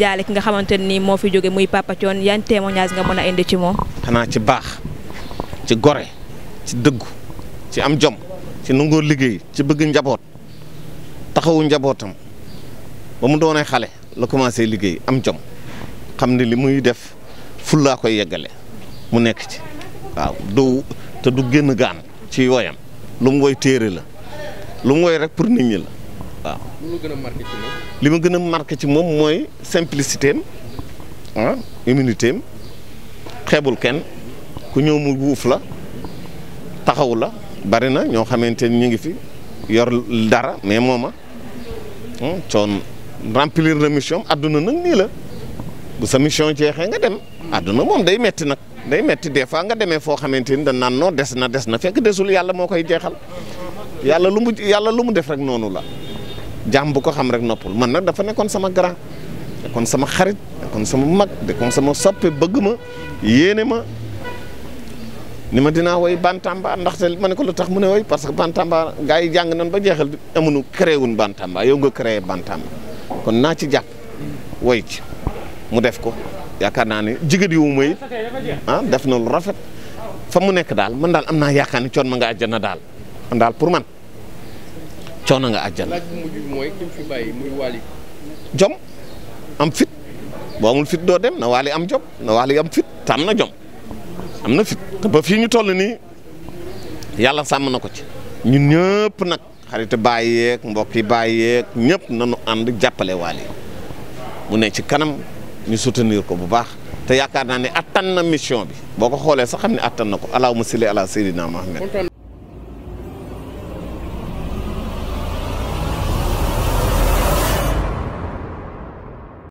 jaale ki nga xamante ni moo fi jógee muy Papa Thione yan témoignage nga mën a indi ci moom. xanaa ci baax ci gore ci dëggu ci am jom ci nangoo liggéey ci bëgg njaboot taxawu njabootam ba mu doonee xale la commencé liggéey am jom xam ne li muy def ful laa koy yeggale mu nekk ci waaw du te du génn gaan ci yooyam lum mu woy téere la lu woy rek pour nit ñi la. waaw. lu li ma gën a marqué ci moom mooy simplicité am ah humilité xeebul kenn ku ñëw mu wuuf la taxaw la bari na ñoo xamante ni ñu ngi fi yor dara mais mooma ah, coon remplir na mission àdduna nag nii la bu sa mission jeexee nga dem àdduna moom day metti nag day metti des fois nga demee foo xamante ni da naan noo des na des na fekk desul yàlla moo koy jeexal yàlla lu mu yàlla lu mu def rek noonu la jaam bu ko xam rek noppul man nag dafa nekkoon sama grand kon sama xarit kon sama mag nekkoon sama soppe bëgg ma yéene ma ni ma dinaa woy bantamba ndaxte ma ne ko lu tax mu ne woy parce que bantamba gars yi jàng nañ ba jeexal bi amuñu créé wuñ bantamba yow nga créé bantamba kon naa ci jàpp way ci mu def ko yaakaar naa ne jigéen wu may ah def na lu rafet fa mu nekk daal man daal am naa yaakaar ni coon ma nga àjjana daal man daal pour man coono nga àjjana. laaj mooy ki jom am fit boo amul fit doo dem na Wally am jom na Wally am fit te na jom am na fit te ba fii ñu toll nii yàlla sàmm na ko ci ñun ñëpp nag xarit bàyyi yeeg mbokk yi bàyyi yeeg ñëpp nañu ànd jàppale Wally mu ne ci kanam ñu soutenir ko bu baax te yaakaar naa ni attan na mission bi boo ko xoolee sax xam ne attan na ko allahumma salli ala sayyidina Muhammad